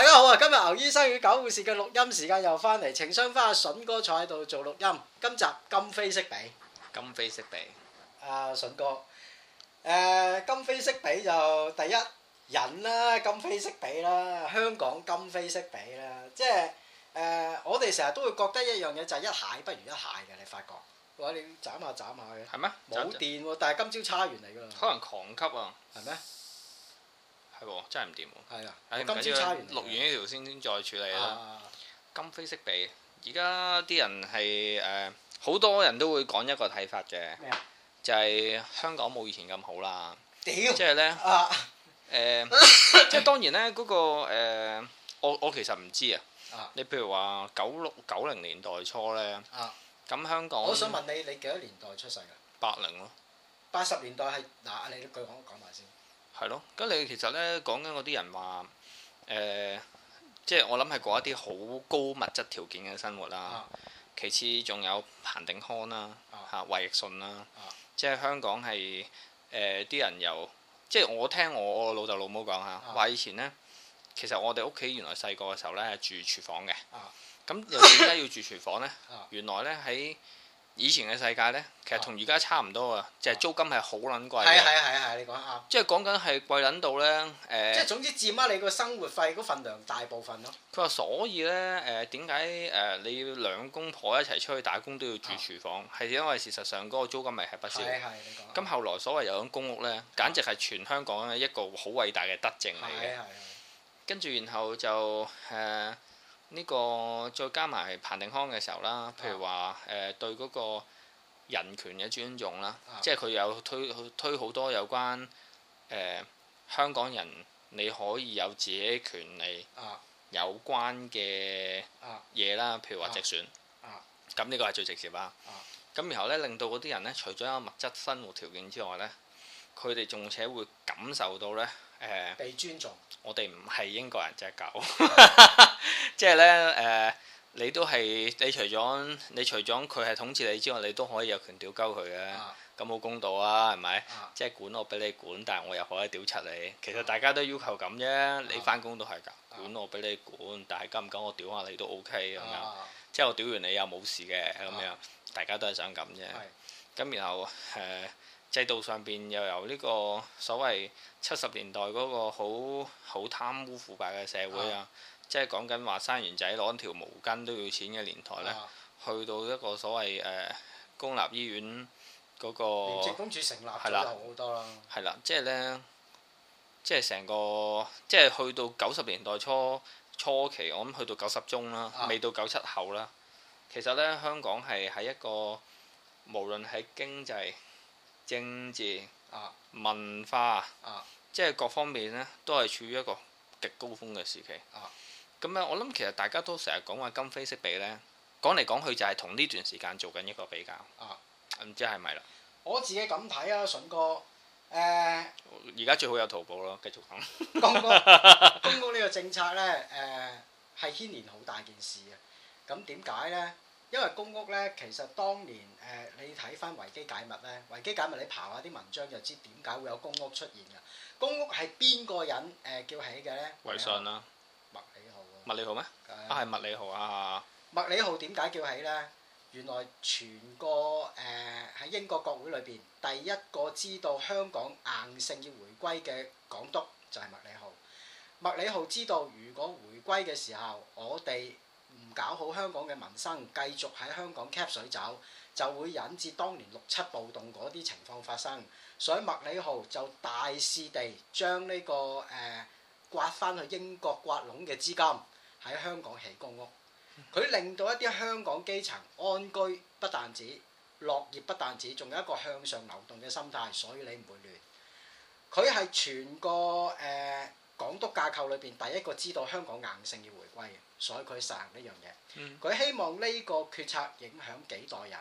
大家好啊！今日牛醫生與狗護士嘅錄音時間又翻嚟，請翻翻阿筍哥坐喺度做錄音。今集今非昔比，今非昔比。阿筍哥，誒今非昔比就第一人啦，今非昔比啦，香港今非昔比啦，即係誒我哋成日都會覺得一樣嘢就係一蟹不如一蟹嘅，你發覺，我哋眨下眨下嘅，係咩？冇電喎，但係今朝差完嚟㗎啦。可能狂吸啊！係咩？係喎，真係唔掂喎。係啊，今先差完，錄完呢條先先再處理啦。啊、今非昔比，而家啲人係誒，好、呃、多人都會講一個睇法嘅，麼就係香港冇以前咁好啦。屌丟，即係咧，誒，即係當然咧、那個，嗰、呃、個我我其實唔知啊。你譬如話九六九零年代初咧，咁、啊、香港，我想問你，你幾多年代出世㗎？八零咯，八十年代係嗱、啊，你一句講講埋先。係咯，咁你其實咧講緊嗰啲人話，誒、呃，即係我諗係過一啲好高物質條件嘅生活啦。啊、其次仲有彭定康啦、啊，嚇、啊，衛奕信啦，啊啊、即係香港係誒啲人由，即係我聽我老豆老母講嚇，話以前咧，其實我哋屋企原來細個嘅時候咧係住廚房嘅，咁、啊、又點解要住廚房咧、啊啊？原來咧喺、啊啊啊啊以前嘅世界呢，其實同而家差唔多啊，就係租金係好撚貴。係啊係啊你講即係講緊係貴撚到呢。誒、呃。即係總之佔咗你個生活費嗰份量大部分咯。佢話所以呢，誒，點解誒你要兩公婆一齊出去打工都要住廚房，係、啊、因為事實上嗰個租金咪係不少。咁後來所謂有種公屋呢，簡直係全香港嘅一個好偉大嘅德政嚟嘅。跟住然後就誒。啊啊啊呢、這個再加埋彭定康嘅時候啦，譬如話誒、呃、對嗰個人權嘅尊重啦，啊、即係佢有推推好多有關誒、呃、香港人你可以有自己權利有關嘅嘢啦，啊、譬如話直選，咁呢、啊啊、個係最直接啦。咁、啊、然後咧令到嗰啲人咧，除咗有物質生活條件之外咧。佢哋仲且會感受到呢，誒，被尊重。我哋唔係英國人隻狗，即係呢，誒，你都係，你除咗你除咗佢係統治你之外，你都可以有權屌鳩佢嘅。咁好公道啊，係咪？即係管我俾你管，但係我又可以屌柒你。其實大家都要求咁啫，你翻工都係㗎。管我俾你管，但係急唔急我屌下你都 OK 咁樣。即係我屌完你又冇事嘅咁樣，大家都係想咁啫。咁然後誒。制度上邊又由呢個所謂七十年代嗰個好好貪污腐敗嘅社會啊，即係講緊話生完仔攞條毛巾都要錢嘅年代咧，啊、去到一個所謂誒、呃、公立醫院嗰、廉政公署成立係啦，係啦，啦，即係咧，即係成個即係去到九十年代初初期，我諗去到九十中啦，啊、未到九七後啦。其實咧，香港係喺一個無論喺經濟，政治啊，文化啊，即係各方面咧，都係處於一個極高峰嘅時期。咁啊，我諗其實大家都成日講話今非昔比咧，講嚟講去就係同呢段時間做緊一個比較。唔、啊、知係咪啦？我自己咁睇啊，筍哥，誒、呃，而家最好有淘寶咯，繼續講。 公告公告呢個政策咧，誒、呃，係牽連好大件事嘅。咁點解咧？因為公屋咧，其實當年誒，你睇返維基解密咧，維基解密你刨下啲文章就知點解會有公屋出現嘅。公屋係邊個人誒叫起嘅咧？維信啦，麥理浩啊，麥理浩咩？啊係麥理浩啊！麥理浩點解叫起咧？原來全個誒喺英國國會裏邊，第一個知道香港硬性要回歸嘅港督就係麥理浩。麥理浩知道如果回歸嘅時候，我哋搞好香港嘅民生，繼續喺香港 cap 水走，就會引致當年六七暴動嗰啲情況發生。所以麥理浩就大肆地將呢、這個誒刮翻去英國刮窿嘅資金喺香港起公屋，佢令到一啲香港基層安居不單止，樂業不單止，仲有一個向上流動嘅心態，所以你唔會亂。佢係全個誒。呃港督架構裏邊，第一個知道香港硬性要回歸，所以佢實行呢樣嘢。佢、嗯、希望呢個決策影響幾代人，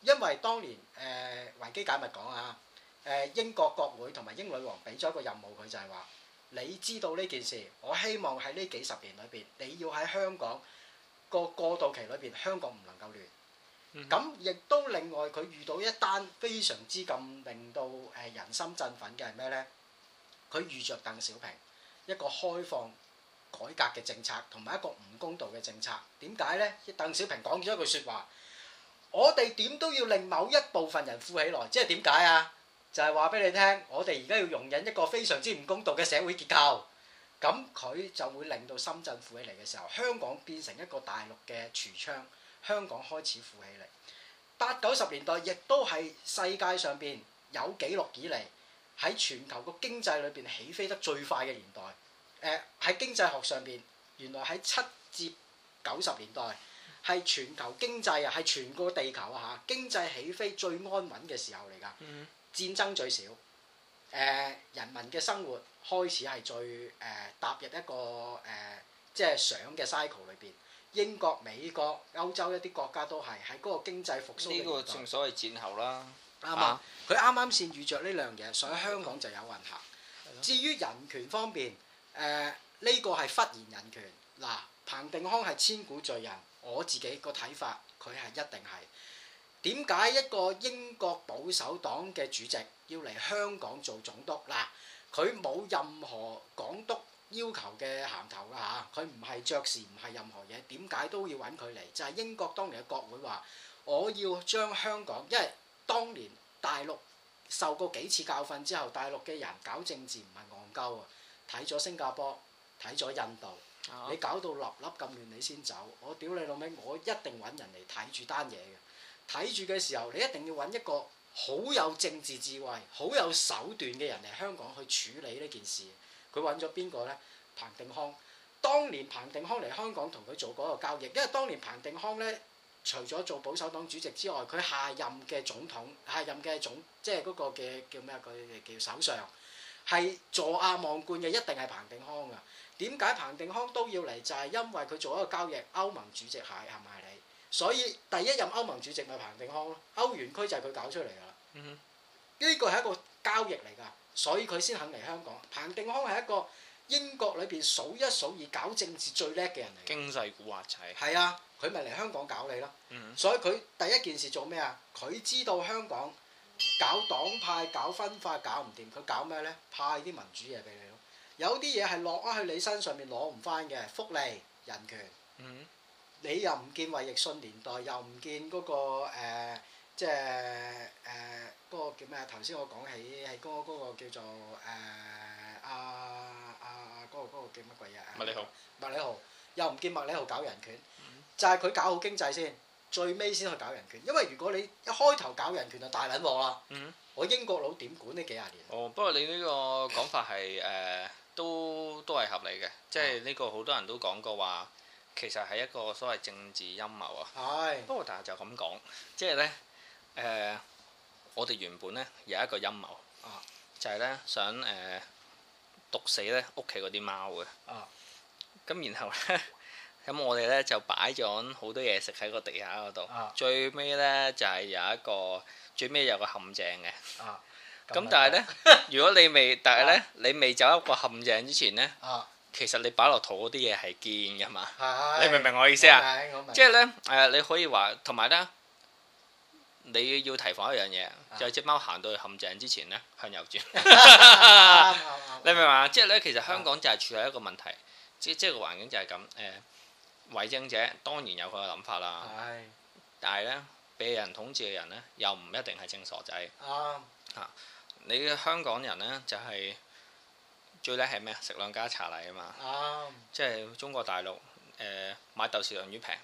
因為當年誒維、呃、基解密講啊、呃，英國國會同埋英女王俾咗一個任務佢，就係話，你知道呢件事，我希望喺呢幾十年裏邊，你要喺香港個過渡期裏邊，香港唔能夠亂。咁亦、嗯、都另外佢遇到一單非常之咁令到誒人心振奮嘅係咩呢？佢遇着鄧小平一個開放改革嘅政策，同埋一個唔公道嘅政策。點解呢？鄧小平講咗一句説話：我哋點都要令某一部分人富起來。即係點解啊？就係話俾你聽，我哋而家要容忍一個非常之唔公道嘅社會結構。咁佢就會令到深圳富起嚟嘅時候，香港變成一個大陸嘅櫥窗。香港開始富起嚟。八九十年代亦都係世界上邊有紀錄以嚟，喺全球個經濟裏邊起飛得最快嘅年代，誒、呃、喺經濟學上邊，原來喺七至九十年代係全球經濟啊，係全個地球啊嚇經濟起飛最安穩嘅時候嚟㗎，戰爭最少，誒、呃、人民嘅生活開始係最誒、呃、踏入一個誒、呃、即係上嘅 cycle 裏邊，英國、美國、歐洲一啲國家都係喺嗰個經濟復甦，呢個正所謂戰後啦。啱唔啱？佢啱啱先遇著呢樣嘢，所以香港就有運行。至於人權方面，誒呢個係忽然人權。嗱，彭定康係千古罪人，我自己個睇法，佢係一定係。點解一個英國保守黨嘅主席要嚟香港做總督？嗱，佢冇任何港督要求嘅銜頭㗎吓，佢唔係爵士，唔係任何嘢。點解都要揾佢嚟？就係英國當年嘅國會話，我要將香港，因為當年大陸受過幾次教訓之後，大陸嘅人搞政治唔係戇鳩啊！睇咗新加坡，睇咗印度，啊、你搞到笠笠咁亂，你先走。我屌你老味，我一定揾人嚟睇住單嘢嘅。睇住嘅時候，你一定要揾一個好有政治智慧、好有手段嘅人嚟香港去處理呢件事。佢揾咗邊個呢？彭定康。當年彭定康嚟香港同佢做嗰個交易，因為當年彭定康呢。除咗做保守黨主席之外，佢下任嘅總統，下任嘅總，即係嗰個嘅叫咩？佢叫首相，係坐亞望冠嘅一定係彭定康㗎。點解彭定康都要嚟？就係因為佢做一個交易，歐盟主席吓係唔係你？所以第一任歐盟主席咪彭定康咯，歐元區就係佢搞出嚟噶啦。嗯哼，呢個係一個交易嚟㗎，所以佢先肯嚟香港。彭定康係一個。英國裏邊數一數二搞政治最叻嘅人嚟嘅，經濟股話齋。係啊，佢咪嚟香港搞你咯，所以佢第一件事做咩啊？佢知道香港搞黨派、搞分化搞唔掂，佢搞咩咧？派啲民主嘢俾你咯。有啲嘢係落啊去你身上面攞唔翻嘅福利、人權。嗯，你又唔見衛奕信年代，又唔見嗰、那個、呃、即係誒嗰個叫咩？頭先我講起係嗰、那個那個叫做誒阿。呃啊嗰、哦嗰個嗰叫乜鬼嘢啊？麥理浩，麥理浩又唔見麥理浩搞人權，嗯、就係佢搞好經濟先，最尾先去搞人權。因為如果你一開頭搞人權就大撚鑊啦。嗯。我英國佬點管呢幾廿年？哦，不過你呢個講法係誒、呃、都都係合理嘅，即係呢個好多人都講過話，其實係一個所謂政治陰謀啊。係是。不過但係就咁講，即係咧誒，我哋原本咧有一個陰謀，就係、是、咧想誒。呃毒死咧屋企嗰啲貓嘅，咁然後咧，咁我哋咧就擺咗好多嘢食喺個地下嗰度，最屘咧就係有一個，最屘有個陷阱嘅，咁但係咧，如果你未，但係咧你未走一個陷阱之前咧，其實你擺落肚嗰啲嘢係堅㗎嘛，你明唔明我意思啊？即係咧，誒你可以話同埋咧。你要提防一樣嘢，就係隻貓行到去陷阱之前呢，向右轉。你明唔明嘛？即係咧，其實香港就係處喺一個問題，即即係個環境就係咁。誒，為政者當然有佢嘅諗法啦，但係呢，被人統治嘅人呢，又唔一定係正傻仔。啱，吓你嘅香港人呢，就係最叻係咩啊？食兩家茶禮啊嘛，即係中國大陸誒買豆豉鯪魚平，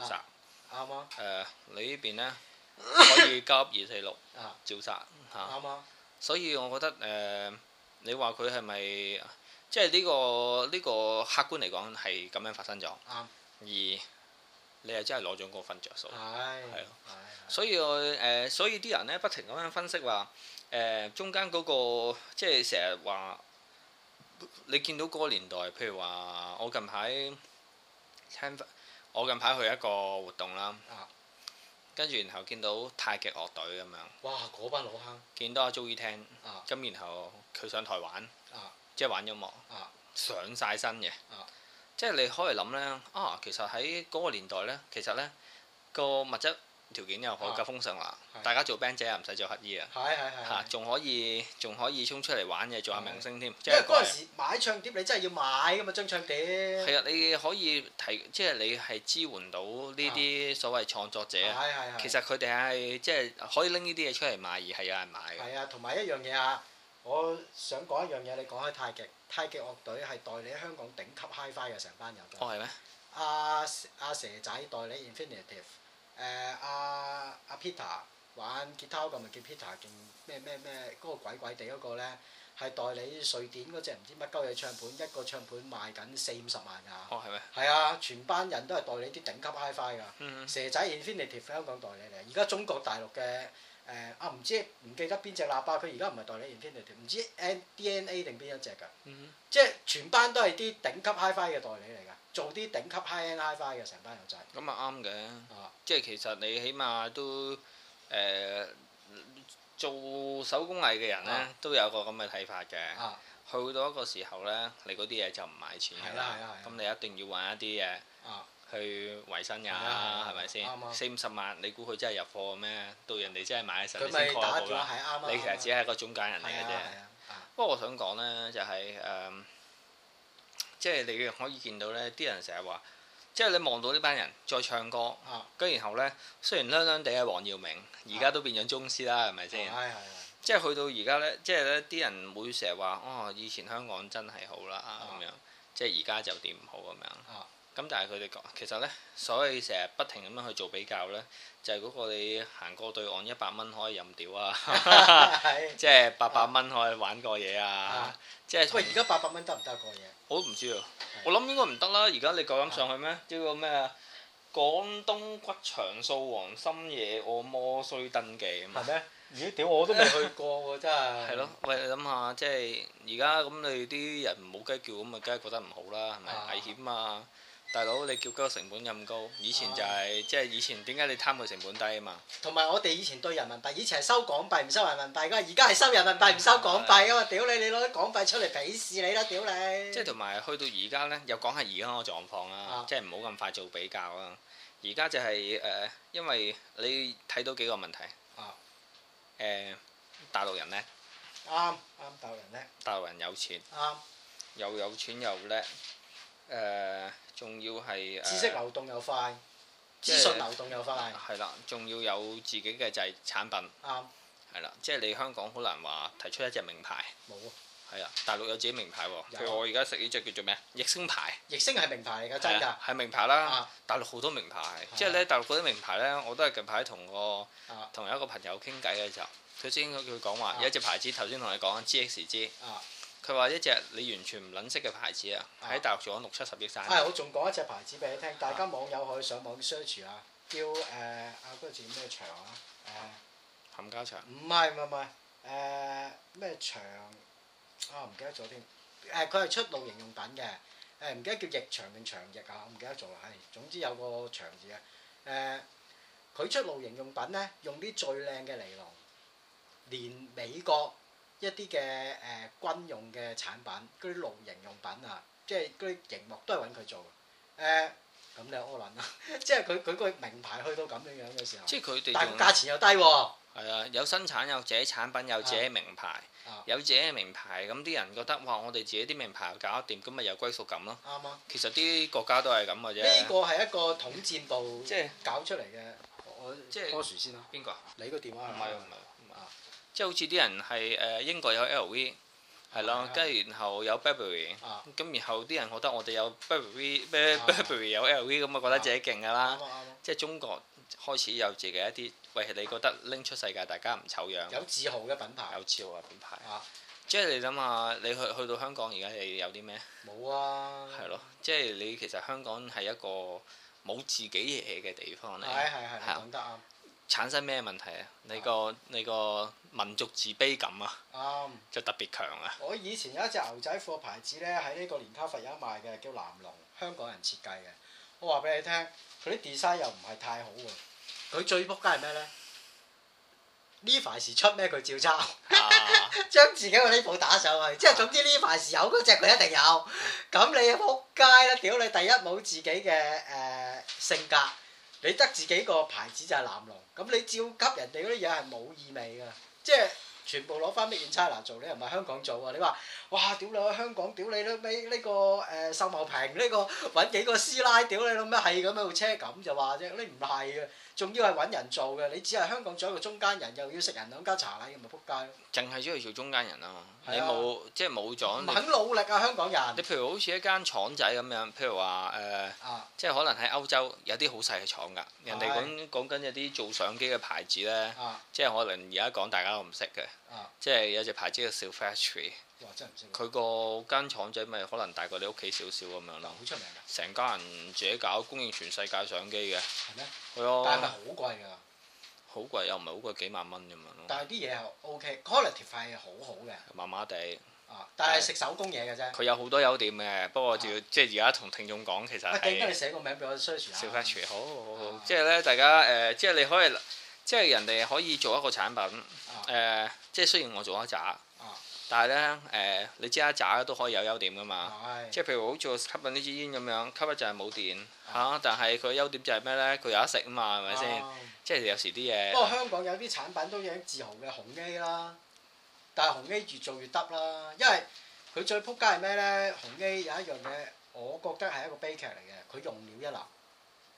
照殺，啱啊，誒，你呢邊呢？可 以交二四六，照殺吓，啊、所以我覺得誒、呃，你話佢係咪即係呢、這個呢、這個客觀嚟講係咁樣發生咗？啱、啊，而你又真係攞咗嗰份着數，係係咯，所以誒，所以啲人咧不停咁樣分析話，誒、呃，中間嗰、那個即係成日話，你見到嗰個年代，譬如話我近排聽，我近排去一個活動啦。啊跟住然後見到太極樂隊咁樣，哇！嗰班老坑，見到阿 Joey 聽，咁、啊、然後佢上台玩，啊、即係玩音樂，啊、上晒身嘅，啊、即係你可以諗呢，啊，其實喺嗰個年代呢，其實呢個物質條件又好，夠豐盛啦！ 大家做 band 仔又唔使做乞衣啊，係係係，嚇 仲可以仲可以衝出嚟玩嘅，做下明星添。因為嗰陣時買唱碟，唱碟你真係要買㗎嘛？張唱碟？係啊，你可以提，即係你係支援到呢啲所謂創作者。係係係係，其實佢哋係即係可以拎呢啲嘢出嚟賣，而係有人買，係係。係啊，同埋一樣嘢啊！我想講一樣嘢，你講開太極，太極樂隊係代理香港頂級 HiFi 嘅成班人。哦、啊，係咩？阿阿、啊蛇，啊、蛇仔代理 Infinity。誒阿阿 Peter 玩吉他嗰個咪叫 Peter，仲咩咩咩嗰個鬼鬼哋嗰個咧，係代理瑞典嗰隻唔知乜鳩嘢唱盤，一個唱盤賣緊四五十萬啊。哦，係咩？係啊，全班人都係代理啲頂級 Hi-Fi 㗎。嗯嗯。蛇仔 Infinity 香港代理嚟，而家中國大陸嘅誒、呃、啊唔知唔記得邊隻喇叭，佢而家唔係代理 Infinity，唔知 N D N A 定邊一隻㗎。嗯嗯。即係全班都係啲頂級 Hi-Fi 嘅代理嚟㗎。做啲頂級 Hi-End Hi-Fi 嘅成班友仔，咁啊啱嘅，即係其實你起碼都誒做手工藝嘅人咧，都有個咁嘅睇法嘅。去到一個時候咧，你嗰啲嘢就唔買錢，咁你一定要揾一啲嘢去維生㗎，係咪先？四五十萬，你估佢真係入貨咩？到人哋真係買嘅時候，你先攤到㗎。你其實只係個中介人嚟嘅啫。不過我想講咧，就係誒。即係你可以見到呢啲人成日話，即係你望到呢班人再唱歌，跟、啊、然後呢，雖然孏孏地係黃耀明，而家都變咗宗師啦，係咪先？即係去到而家呢，即係呢啲人會成日話，哦，以前香港真係好啦，咁樣，啊、即係而家就點唔好咁樣。啊啊咁但係佢哋講，其實咧，所以成日不停咁樣去做比較咧，就係、是、嗰個你行過對岸一百蚊可以任屌啊，即係八百蚊可以玩過嘢啊，嗯、即係從喂，而家八百蚊得唔得過嘢？我都唔知啊，我諗應該唔得啦。而家你夠膽上去咩？叫個咩啊？廣東骨場掃黃深夜按摩需登記啊？咩？咦！屌！我都未去過喎，真係。係咯，喂，你諗下，即係而家咁你啲人冇雞叫咁啊，梗係覺得唔好啦，係咪危險啊？ 大佬，你叫嗰個成本咁高？以前就係、是啊、即係以前點解你貪佢成本低啊嘛？同埋我哋以前對人民幣，以前係收港幣唔收人民幣噶，而家係收人民幣唔收港幣噶嘛、嗯嗯屌幣？屌你，你攞啲港幣出嚟鄙視你啦，屌你！即係同埋去到而家呢，又講下而家個狀況啊，啊即係唔好咁快做比較啦、啊。而家就係、是、誒、呃，因為你睇到幾個問題啊？誒、呃，大陸人呢？啱啱、嗯嗯嗯、大陸人呢？大陸人有錢，啱、嗯、又有錢又叻誒。仲要係知識流動又快，資訊流動又快，係啦，仲要有自己嘅製產品，啱，係啦，即係你香港好難話提出一隻名牌，冇啊，係啊，大陸有自己名牌喎，譬如我而家食呢隻叫做咩啊，逆星牌，逆星係名牌嚟㗎，真㗎，係名牌啦，大陸好多名牌，即係咧大陸嗰啲名牌咧，我都係近排同個，同一個朋友傾偈嘅時候，頭先佢講話有一隻牌子，頭先同你講 G X G。佢話一隻你完全唔撚識嘅牌子啊，喺大陸做咗六七十億生意。係、啊，我仲講一隻牌子俾你聽，大家網友可以上網 search、呃、啊，叫誒啊嗰個字咩牆啊？誒，冚家牆。唔係唔係唔係誒咩牆？啊，唔記得咗添。誒、呃，佢係出露營用品嘅。誒、呃，唔記得叫翼牆定牆翼啊？我唔記得咗。係、哎，總之有個牆字啊。誒、呃，佢出露營用品咧，用啲最靚嘅尼龍，連美國。一啲嘅誒軍用嘅產品，嗰啲露營用品啊，即係嗰啲熒幕都係揾佢做嘅。誒、呃，咁你柯能啊，即係佢佢個名牌去到咁樣樣嘅時候，即係佢哋，但係價錢又低喎、啊。係啊，啊，有生產有自己產品有自己名牌，啊啊、有自己名牌，咁啲人覺得哇，我哋自己啲名牌搞得掂，咁咪有歸屬感咯。啱啊。其實啲國家都係咁嘅啫。呢個係一個統戰部即係搞出嚟嘅。即是我即係柯樹先咯。邊個誰？你個電話係咪是即係好似啲人係誒、呃、英國有 LV 係咯，跟住的然後有 Burberry，咁、啊、然後啲人覺得我哋有 Burberry，Burberry 有 LV 咁啊，v, 覺得自己勁㗎啦。啊啊、即係中國開始有自己一啲，喂，你覺得拎出世界，大家唔醜樣？有自豪嘅品牌。有自豪嘅品牌。啊！即係你諗下，你去去到香港而家，你有啲咩？冇啊。係咯，即係你其實香港係一個冇自己嘢嘅地方咧。係係係講得啱。產生咩問題啊？你個的你個民族自卑感啊，就特別強啊、嗯！我以前有一隻牛仔褲牌子咧，喺呢個連卡佛有賣嘅，叫南龍，香港人設計嘅。我話俾你聽，佢啲 design 又唔係太好喎。佢最撲街係咩咧？呢牌子出咩佢照抄，將、啊、 自己嗰啲布打上去。即係的總之呢牌子有嗰隻佢一定有。咁、嗯、你撲街啦！屌你第一冇自己嘅誒性格。你得自己個牌子就係藍龍，咁你照給人哋嗰啲嘢係冇意味㗎，即係全部攞翻 China 做，你唔係香港做啊？你話？哇！屌你啦，香港，屌你啦！呢呢個誒秀茂坪呢個揾幾個師奶，屌你老咩係咁樣部車，咁就話啫？你唔係嘅，仲要係揾人做嘅。你只係香港做一個中間人，又要食人兩家茶，奶，係咪仆街？淨係鍾意做中間人啊？你冇即係冇咗，肯努力啊，香港人！你譬如好似一間廠仔咁樣，譬如話誒，即係可能喺歐洲有啲好細嘅廠㗎，人哋講講緊有啲做相機嘅牌子呢，即係可能而家講大家都唔識嘅。即係有隻牌子叫 Silfretree 佢個間廠仔咪可能大過你屋企少少咁樣咯。好出名噶！成家人自己搞，供應全世界相機嘅。係咩？係啊！但係咪好貴㗎？好貴又唔係好貴，幾萬蚊咁樣咯。但係啲嘢係 O K，quality 費係好好嘅。麻麻地但係食手工嘢嘅啫。佢有好多優點嘅，不過仲要即係而家同聽眾講其實。我記得你寫個名俾我 search 下。Silfretree 好，即係咧，大家誒，即係你可以，即係人哋可以做一個產品誒。即係雖然我做咗一扎，啊、但係咧誒，你知一扎都可以有優點噶嘛。啊、即係譬如好似我吸緊呢支煙咁樣，吸一陣冇電嚇，但係佢優點就係咩咧？佢有得食啊嘛，係咪先？即係有時啲嘢、啊。不過香港有啲產品都影自豪嘅紅 A 啦，但係紅 A 越做越得啦，因為佢最仆街係咩咧？紅 A 有一樣嘢，我覺得係一個悲劇嚟嘅，佢用料一流，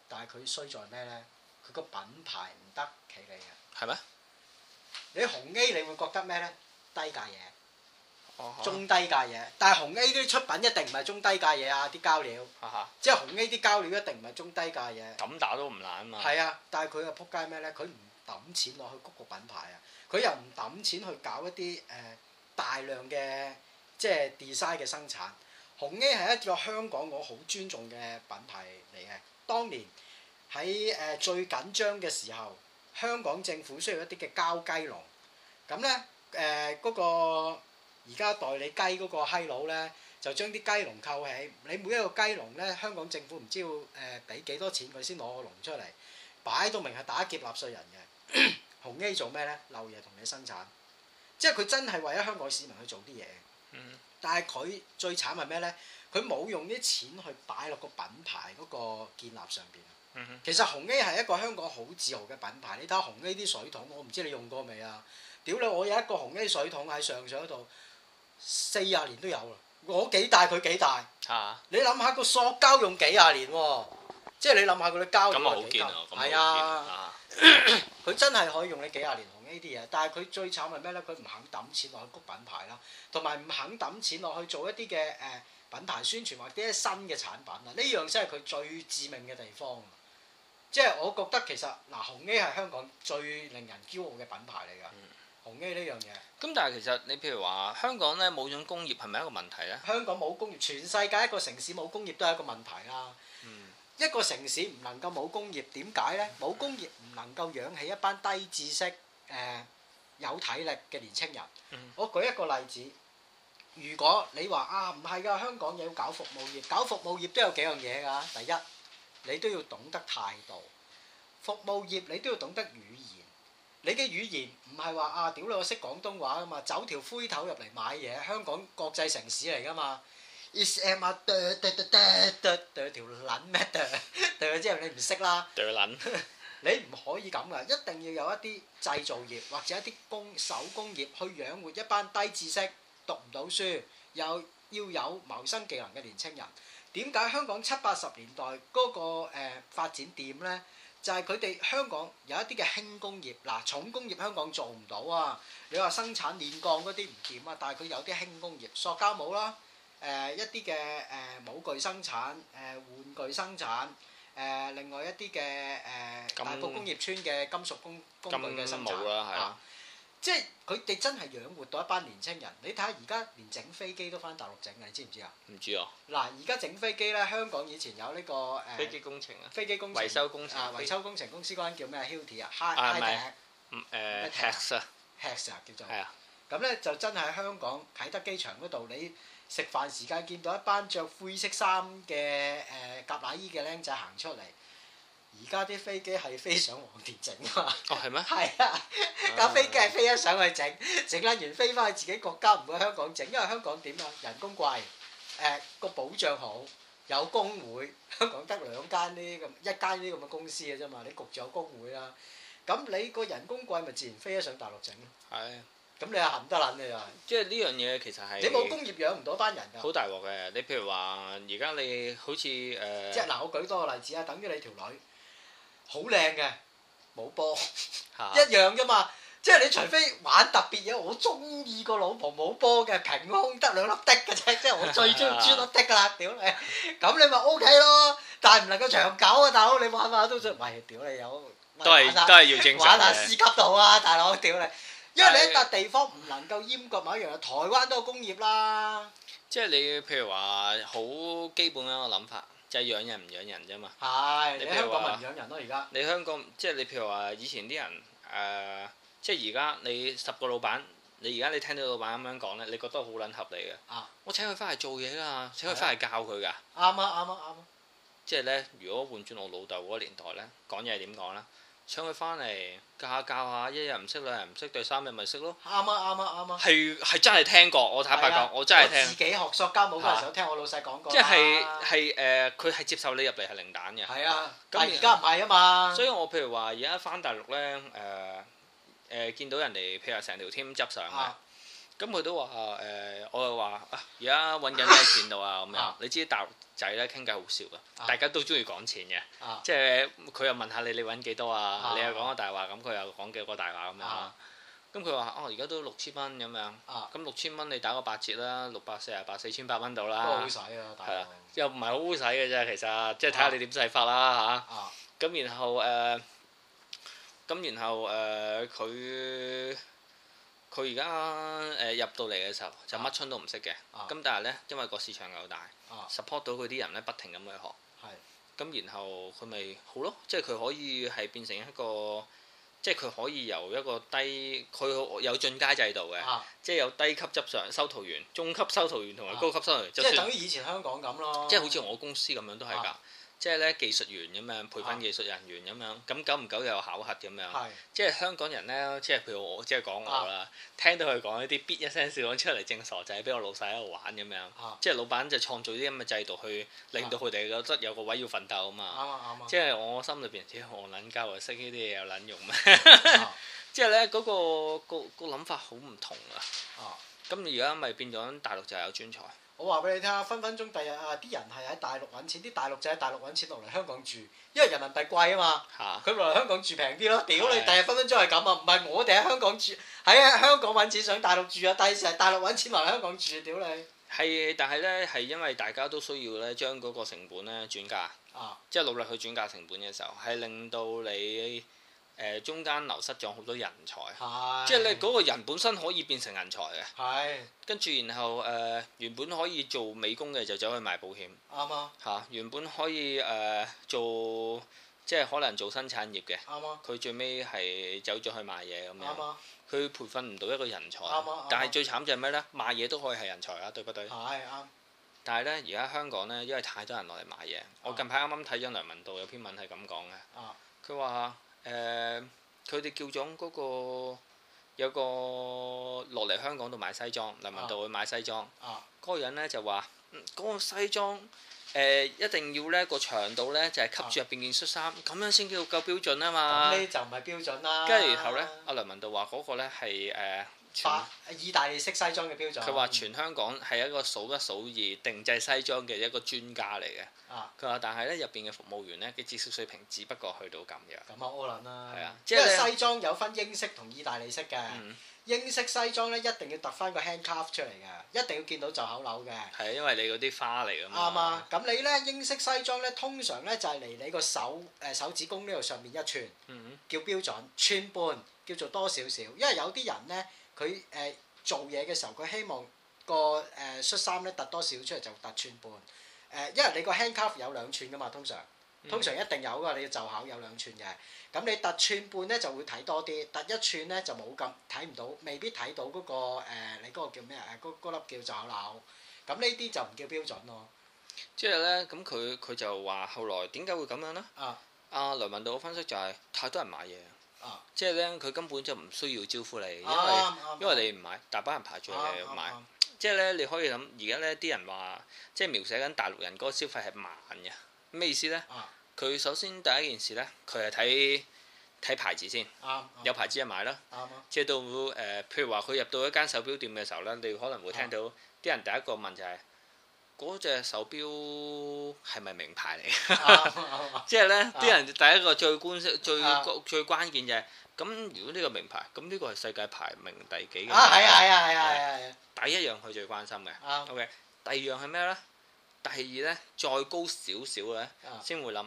但係佢衰在咩咧？佢個品牌唔得企理嘅。係咩？你紅 A 你會覺得咩咧？低價嘢，中低價嘢，但係紅 A 啲出品一定唔係中低價嘢啊！啲膠料， 即係紅 A 啲膠料一定唔係中低價嘢。咁打都唔難啊嘛。係啊，但係佢嘅仆街咩咧？佢唔抌錢落去谷個品牌啊，佢又唔抌錢去搞一啲誒、呃、大量嘅即係 design 嘅生產。紅 A 係一個香港我好尊重嘅品牌嚟嘅，當年喺誒、呃、最緊張嘅時候。香港政府需要一啲嘅膠雞籠，咁咧誒嗰個而家代理雞嗰個閪佬咧，就將啲雞籠扣起。你每一個雞籠咧，香港政府唔知要誒俾幾多錢佢先攞個籠出嚟，擺到明係打劫納稅人嘅。 紅 A 做咩咧？漏夜同你生產，即係佢真係為咗香港市民去做啲嘢。嗯。但係佢最慘係咩咧？佢冇用啲錢去擺落個品牌嗰個建立上邊。其實紅 A 係一個香港好自豪嘅品牌，你睇下紅 A 啲水桶，我唔知你用過未啊？屌你，我有一個紅 A 水桶喺上水度，四廿年都有啦。我幾大佢幾大？嚇！你諗下個塑膠用幾廿年喎，即係你諗下佢啲膠耐幾多？咁咪好堅啊！係啊，佢、啊、 真係可以用你幾廿年紅 A 啲嘢，但係佢最慘係咩咧？佢唔肯抌錢落去谷品牌啦，同埋唔肯抌錢落去做一啲嘅誒品牌宣傳或者新嘅產品啊！呢樣先係佢最致命嘅地方。即係我覺得其實嗱，紅 A 係香港最令人驕傲嘅品牌嚟㗎。嗯、紅 A 呢樣嘢。咁但係其實你譬如話香港咧冇種工業係咪一個問題咧？香港冇工業，全世界一個城市冇工業都係一個問題啦。嗯、一個城市唔能夠冇工業，點解咧？冇工業唔能夠養起一班低知識誒、呃、有體力嘅年青人。嗯、我舉一個例子，如果你話啊唔係㗎，香港又要搞服務業，搞服務業都有幾樣嘢㗎。第一。第一你都要懂得態度，服務業你都要懂得語言。你嘅語言唔係話啊，屌你我識廣東話㗎嘛？走條灰頭入嚟買嘢，香港國際城市嚟㗎嘛？Is Emma 嗲嗲嗲嗲嗲條撚咩嗲？嗲即係你唔識啦，嗲撚。你唔可以咁㗎，一定要有一啲製造業或者一啲工手工業去養活一班低知識、讀唔到書又要有謀生技能嘅年輕人。點解香港七八十年代嗰、那個誒、呃、發展點咧？就係佢哋香港有一啲嘅輕工業，嗱重工業香港做唔到啊！你話生產煉鋼嗰啲唔掂啊，但係佢有啲輕工業，塑膠帽啦，誒、呃、一啲嘅誒模具生產，誒、呃、玩具生產，誒、呃、另外一啲嘅誒大埔工業村嘅金屬工工具嘅生產。即係佢哋真係養活到一班年青人，你睇下而家連整飛機都翻大陸整嘅，你知唔知啊？唔知啊。嗱，而家整飛機咧，香港以前有呢、呢個誒。飛機工程啊。飛機工程。工程維修工程啊，維修工程公司嗰陣叫咩？Hilty 啊，Hi，唔誒，Hax 啊，Hax 啊，叫做。係啊的。咁咧就真係喺香港啟德機場嗰度，你食飯時間見到一班着灰色衫嘅誒夾奶衣嘅僆仔行出嚟。而家啲飛機係飛上黃田整啊嘛？哦，係咩？係啊，架飛機係飛咗上去整，整喇完飛翻去自己國家，唔會香港整，因為香港點啊？人工貴，誒個保障好，有工會。香港得兩間呢咁，一間呢咁嘅公司嘅啫嘛，你焗住有工會啦。咁你個人工貴，咪自然飛咗上大陸整咯。係。咁你又行得撚嘅又？即係呢樣嘢，其實係你冇工業養唔到班人㗎。好大鑊嘅，你譬如話，而家你好似誒。即係嗱，我舉多個例子啊，等於你條女。好靚嘅，冇波， 一樣啫嘛。即係你除非玩特別嘢，我中意個老婆冇波嘅，平空得兩粒的嘅啫。即係我最中意珠粒的啦，屌 你。咁你咪 O K 咯，但係唔能夠長久啊，大佬。你玩下都想，喂，屌你有，都係都係要正常。玩下市級都好啊，大佬，屌你。因為你一笪地方唔能夠閹割某一樣，台灣都有工業啦。即係你譬如話好基本嘅一個諗法。就係養人唔養人啫嘛。係的，你香港咪唔養人咯而家。你香港即係你譬如話以前啲人誒、呃，即係而家你十個老闆，你而家你聽到老闆咁樣講咧，你覺得好撚合理嘅。啊！我請佢翻嚟做嘢㗎，請佢翻嚟教佢㗎。啱啊啱啊啱啊！即係咧，如果換轉我老豆嗰年代咧，講嘢係點講咧？請佢翻嚟教下教下，一日唔識兩日唔識，第三日咪識咯。啱啊啱啊啱啊！係係、啊啊、真係聽過，我坦白講，啊、我真係聽。自己學社交舞嘅時候，聽我老細講過。啊、即係係誒，佢係、啊呃、接受你入嚟係零蛋嘅。係啊，咁而家唔係啊但 那嘛。所以我譬如話，而家翻大陸咧，誒、呃、誒，見到人哋譬如成條 team 執相。嘅、啊。咁佢都話誒，我又話啊，而家揾緊啲錢度啊，咁樣。你知大陸仔咧傾偈好少噶， 大家都中意講錢嘅。即係佢又問下你，你揾幾多啊？你又講個大話，咁佢又講幾個大話咁樣。咁佢話哦，而家都六千蚊咁樣。咁六千蚊你打個八折啦，六百四啊，八四千八蚊到啦。好使啊！又唔係好好使嘅啫，其實即係睇下你點使法啦嚇。咁然後誒，咁然後誒佢。啊佢而家誒入到嚟嘅時候就乜春都唔識嘅，咁、啊、但係呢，因為個市場又大，support、啊、到佢啲人呢，不停咁去學，咁是然後佢咪好咯，即係佢可以係變成一個，即係佢可以由一個低，佢有進階制度嘅，啊、即係有低級執上修徒員、中級修徒員同埋高級修徒員，啊、就算即係等於以前香港咁咯，即係好似我公司咁樣都係㗎。啊啊即係咧技術員咁樣培訓技術人員咁樣，咁久唔久又考核咁樣。是的 即係香港人呢，即係譬如我，即係講我啦，是的 聽到佢講一啲 b 一聲笑講出嚟，正傻仔俾我老細喺度玩咁樣。是的 即係老闆就創造啲咁嘅制度去令到佢哋覺得有個位要奮鬥啊嘛。啱啱即係我心裏邊，屌我撚教識呢啲嘢有撚用咩？ 即係呢嗰個、嗰個、嗰個諗法好唔同啊。啊，咁而家咪變咗大陸就係有專才。我話俾你聽啊，分分鐘第日啊啲人係喺大陸揾錢，啲大陸就喺大陸揾錢落嚟香港住，因為人民幣貴啊嘛，佢落嚟香港住平啲咯。屌你，第日分分鐘係咁啊！唔係我哋喺香港住，喺香港揾錢上大陸住啊，但係成大陸揾錢落嚟香港住，屌你！係，但係呢，係因為大家都需要呢，將嗰個成本呢轉嫁，即係、啊、努力去轉嫁成本嘅時候，係令到你。中間流失咗好多人才，即係你嗰個人本身可以變成人才嘅，跟住然後誒原本可以做美工嘅就走去賣保險，嚇原本可以誒做即係可能做新產業嘅，佢最尾係走咗去賣嘢咁樣，佢培訓唔到一個人才，但係最慘就係咩呢？賣嘢都可以係人才啊，對不對？係，但係呢，而家香港呢，因為太多人落嚟買嘢。我近排啱啱睇咗梁文道有篇文係咁講嘅，佢話。誒，佢哋、呃、叫咗嗰、那個有個落嚟香港度買西裝，梁文道去買西裝，嗰、啊啊、個人呢就話：嗰、嗯那個西裝誒、呃、一定要呢個長度呢，就係、是、吸住入邊件恤衫，咁樣先叫夠標準啊嘛。咁咧就唔係標準啦。跟住然後呢，阿梁文道話嗰個咧係法全意大利式西裝嘅標準，佢話全香港係一個數一數二定製西裝嘅一個專家嚟嘅。佢話、啊，但係咧入邊嘅服務員咧嘅知識水平，只不過去到咁樣。咁啊，柯撚啦，因為西裝有分英式同意大利式嘅。嗯、英式西裝咧一定要揼翻個 handcuff 出嚟嘅，一定要見到袖口扭嘅。係因為你嗰啲花嚟㗎嘛。啱啊，咁你咧英式西裝咧，通常咧就係、是、嚟你個手誒手指公呢度上面一寸，嗯、叫標準寸半，叫做多少少，因為有啲人咧。佢誒做嘢嘅時候，佢希望個誒恤衫咧凸多少出嚟就凸寸半。誒，因為你個 handcuff 有兩寸噶嘛，通常通常一定有噶，你嘅袖口有兩寸嘅。咁你凸寸半咧就會睇多啲，凸一寸咧就冇咁睇唔到，未必睇到嗰個誒你嗰個叫咩啊？嗰嗰粒叫袖口鈕。咁呢啲就唔叫標準咯。之後咧，咁佢佢就話後來點解會咁樣咧？啊，阿梁文道嘅分析就係太多人買嘢。啊、即係咧，佢根本就唔需要招呼你，因為、啊啊啊、因為你唔買，大班、啊、人排住嚟買。啊啊啊、即係咧，你可以諗，而家咧啲人話，即係描寫緊大陸人嗰個消費係慢嘅。咩意思咧？佢、啊、首先第一件事咧，佢係睇睇牌子先。啱、啊。啊、有牌子就買咯。啱、啊啊、即係到誒、呃，譬如話佢入到一間手錶店嘅時候咧，你可能會聽到啲人第一個問就係。嗰隻手錶係咪名牌嚟？即係呢啲人第一個最關心、最關、啊、最關鍵就係咁。如果呢個名牌，咁呢個係世界排名第幾嘅？啊，係啊，係啊，係啊，係啊是！第一樣佢最關心嘅。啊、o、okay, K，第二樣係咩呢？第二呢，再高少少呢，先會諗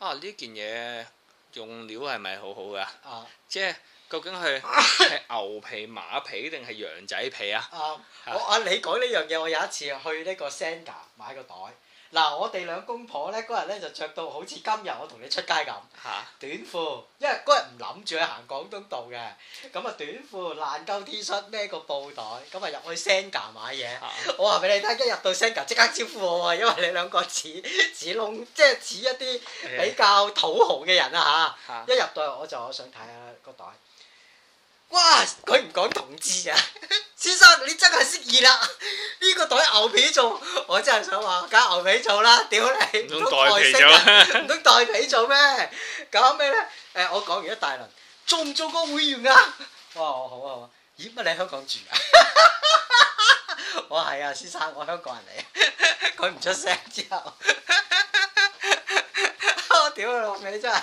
啊！呢、啊、件嘢用料係咪好好㗎？即係、啊。究竟係係牛皮馬皮定係羊仔皮啊？啊，我是啊你講呢樣嘢，我有一次去呢個 Singer 買個袋。嗱、啊，我哋兩公婆咧嗰日咧就着到好似今日我同你出街咁。嚇、啊！短褲，因為嗰日唔諗住去行廣東道嘅，咁啊短褲爛鳩 T 恤孭個布袋，咁啊入去 Singer 買嘢。啊、我話俾你聽，一入到 Singer 即刻招呼我啊！因為你兩個似似弄，即係似一啲比較土豪嘅人啊嚇！啊一入到我，我就我想睇下個袋。哇！佢唔講同志啊，先生你真係適宜啦。呢個袋牛皮做，我真係想話揀牛皮做啦。屌你！唔通袋皮做咩？揀咩咧？誒，我講完一大輪，做唔做個會員啊？哇！我好啊，好啊。咦？乜你喺香港住啊？我係啊，先生，我香港人嚟。佢唔出聲之後，我屌你老味真係。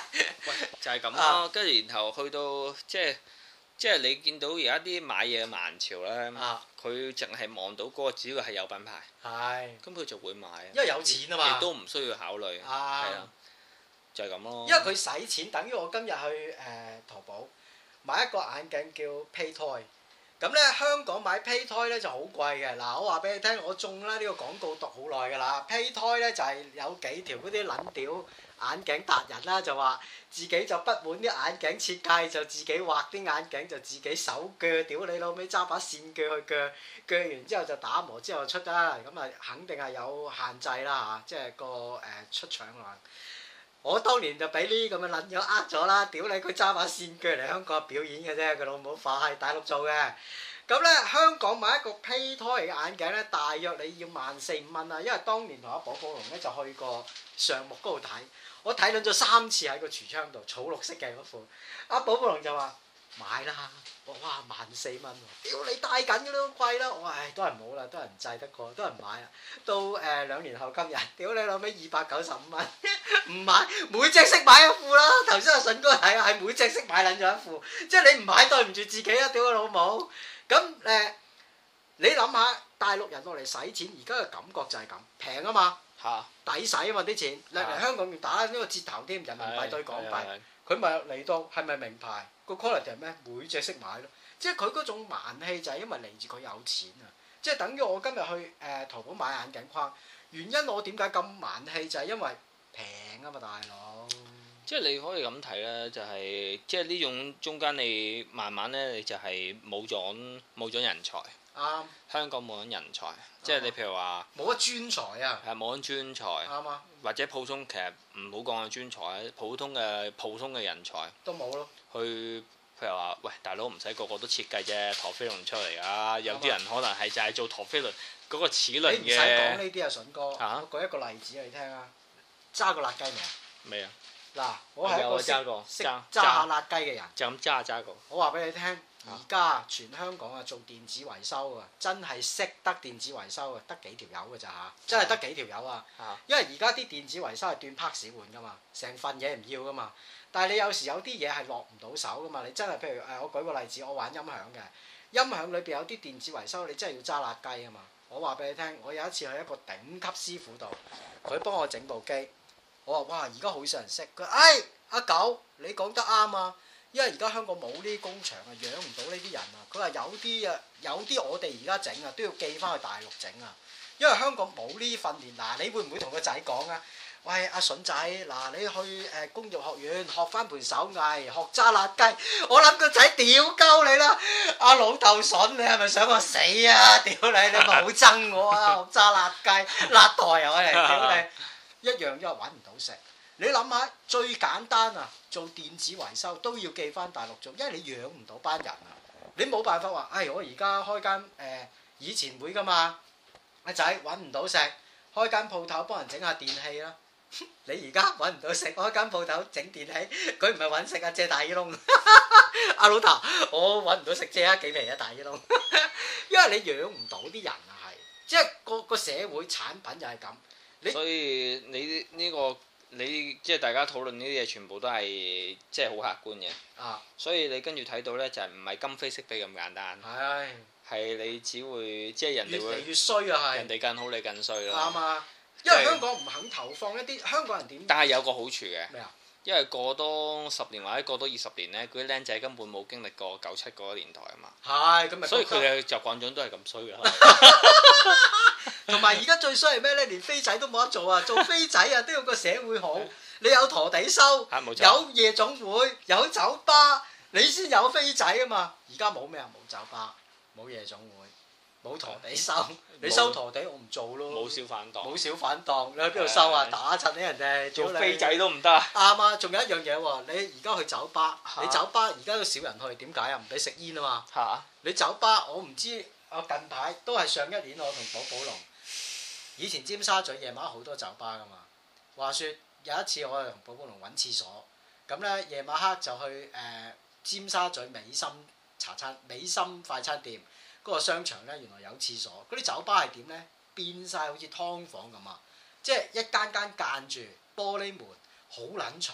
喂，就係咁咯。跟住然後去到即係。即係你見到而家啲買嘢嘅慢潮咧，佢淨係望到嗰、那個，只要係有品牌，咁佢是就會買。因為有錢啊嘛，亦都唔需要考慮。係啊，啊，就係、是、咁咯。因為佢使錢，等於我今日去誒、呃、淘寶買一個眼鏡叫 Pay Toy。咁咧香港買 Pay Toy 咧就好貴嘅。嗱，我話俾你聽，我中啦呢個廣告讀好耐㗎啦。Pay Toy 咧就係、是、有幾條嗰啲撚屌。眼鏡達人啦、啊，就話自己就不滿啲眼鏡設計，就自己畫啲眼鏡，就自己手鋸，屌你老味揸把線鋸去鋸，鋸完之後就打磨之後出得啦。咁啊，肯定係有限制啦嚇，即係個誒、呃、出廠量。我當年就俾呢咁嘅撚咗呃咗啦，屌你，佢揸把線鋸嚟香港表演嘅啫，佢老母化喺大陸做嘅。咁咧，香港買一個胚胎嚟嘅眼鏡咧，大約你要萬四五蚊啊！因為當年同阿寶寶龍咧就去過上目嗰度睇，我睇撚咗三次喺個櫥窗度，草綠色嘅嗰副。阿寶寶龍就話買啦，我哇萬四蚊喎，屌你戴緊都貴啦，我唉都係冇啦，都係唔制得過，都係唔買啦。到誒、呃、兩年後今日，屌你老味二百九十五蚊，唔 買每隻色買一副啦。頭先阿筍哥睇啊，係每隻色買撚咗一副，即係你唔買對唔住自己啊！屌你老母。好咁誒，你諗下大陸人落嚟使錢，而家嘅感覺就係咁平啊嘛，啊，抵使啊嘛。啲錢例如香港要打呢個折頭添，人民幣對港幣，佢咪嚟到係咪名牌個 quality 咩？每隻識買咯，即係佢嗰種盲氣就係因為嚟住佢有錢啊，即係等於我今日去誒、呃、淘寶買眼鏡框，原因我點解咁盲氣就係因為平啊嘛，大佬。即係你可以咁睇啦，就係即係呢種中間，你慢慢咧，你就係冇咗冇咗人才。啱。香港冇咗人才，即係你譬如話冇咗專才啊。係冇咗專才。啱啊。或者普通其實唔好講係專才，普通嘅普通嘅人才都冇咯。去譬如話，喂，大佬唔使個個都設計啫，陀飛輪出嚟㗎。有啲人可能係就係做陀飛輪嗰個齒輪嘅。你唔使講呢啲啊，筍哥。嚇。舉一個例子你聽啊，揸過辣雞未啊？未啊。嗱，我係一個識揸下辣雞嘅人，就咁揸下揸過。過我話俾你聽，而家全香港啊做電子維修嘅，真係識得電子維修嘅，得幾條友㗎咋吓？真係得幾條友啊！嗯、因為而家啲電子維修係斷 parts 換㗎嘛，成份嘢唔要㗎嘛。但係你有時有啲嘢係落唔到手㗎嘛？你真係譬如誒、哎，我舉個例子，我玩音響嘅，音響裏邊有啲電子維修，你真係要揸辣雞啊嘛。我話俾你聽，我有一次喺一個頂級師傅度，佢幫我整部機。我話：哇！而家好少人識佢。哎，阿九，你講得啱啊！因為而家香港冇呢啲工場啊，養唔到呢啲人啊。佢話有啲啊，有啲我哋而家整啊，都要寄翻去大陸整啊。因為香港冇呢啲訓練，嗱，你會唔會同個仔講啊？喂，阿筍仔，嗱，你去誒工業學院學翻盤手藝，學揸辣雞。我諗個仔屌鳩你啦！阿老豆筍，你係咪想我死啊？屌你！你咪好憎我啊！學揸辣雞，辣代又嚟，屌你！，一樣因為揾唔到食。你諗下，最簡單啊，做電子維修都要寄翻大陸做，因為你養唔到班人啊。你冇辦法話，哎，我而家開間誒、呃、以前會噶嘛，阿仔揾唔到食，開間鋪頭幫人整下電器啦。 你而家揾唔到食，開間鋪頭整電器，佢唔係揾食啊，借、 啊、大耳窿。阿老豆，我揾唔到食借啊，幾皮啊大耳窿？因為你養唔到啲人啊，係，即係個個社會產品就係咁。所以你呢個你即係大家討論呢啲嘢，全部都係即係好客觀嘅。啊！所以你跟住睇到咧，就係唔係今非昔比咁簡單？係係、啊、你只會即係人哋越嚟越衰啊！係人哋更好，你更衰啦。啱啊！因為香港唔、即係、肯投放一啲香港人點？但係有個好處嘅。咩啊麼？因為過多十年或者過多二十年咧，嗰啲僆仔根本冇經歷過九七嗰個年代啊嘛。係咁咪。所以佢哋習慣咗都係咁衰嘅。 同埋而家最衰係咩咧？連飛仔都冇得做啊！做飛仔啊都要個社會好，你有陀地收，有夜總會，有酒吧，你先有飛仔啊嘛！而家冇咩啊？冇酒吧，冇夜總會，冇陀地收。你收陀地，我唔做咯。冇小販檔。冇小販檔，你去邊度收啊？打親啲人咧。做飛仔都唔得啊！啱啊！仲有一樣嘢喎，你而家去酒吧，你酒吧而家都少人去，點解啊？唔俾食煙啊嘛。嚇！你酒吧我唔知，我近排都係上一年我同寶寶龍。以前尖沙咀夜晚好多酒吧噶嘛，話說有一次我去同寶寶龍揾廁所，咁咧夜晚黑就去誒、呃、尖沙咀美心茶餐美心快餐店嗰個商場咧，原來有廁所，嗰啲酒吧係點咧？變晒好似劏房咁啊！即係一間間間，間住玻璃門，好撚嘈。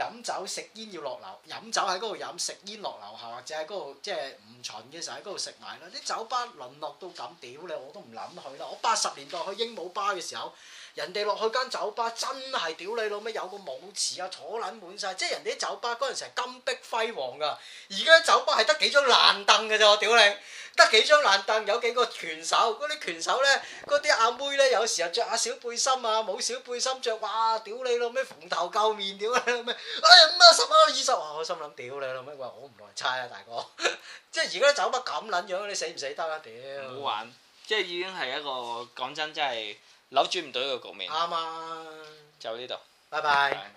飲酒食煙要落樓，飲酒喺嗰度飲，食煙落樓下，或者喺嗰度即係唔巡嘅時候喺嗰度食埋啦。啲酒吧淪落到咁屌你，我都唔諗去啦。我八十年代去鸚鵡吧嘅時候。人哋落去間酒吧真係屌你老味，有個舞池啊，坐撚滿晒。即係人哋啲酒吧嗰陣成金碧輝煌噶，而家酒吧係得幾張爛凳嘅啫，屌你！得幾張爛凳，有幾個拳手。嗰啲拳手咧，嗰啲阿妹咧，有時候著下小背心啊，冇小背心着。哇！屌你老味，蓬頭垢面，屌你老味。哎呀，五十萬二十萬，我心諗屌你老味，我好唔耐猜啊，大哥。 即係而家啲酒吧咁撚樣，你死唔死得啊？屌！好玩，即係已經係一個講真，真係。扭轉唔到呢個局面。啱對啊！就呢度。拜拜。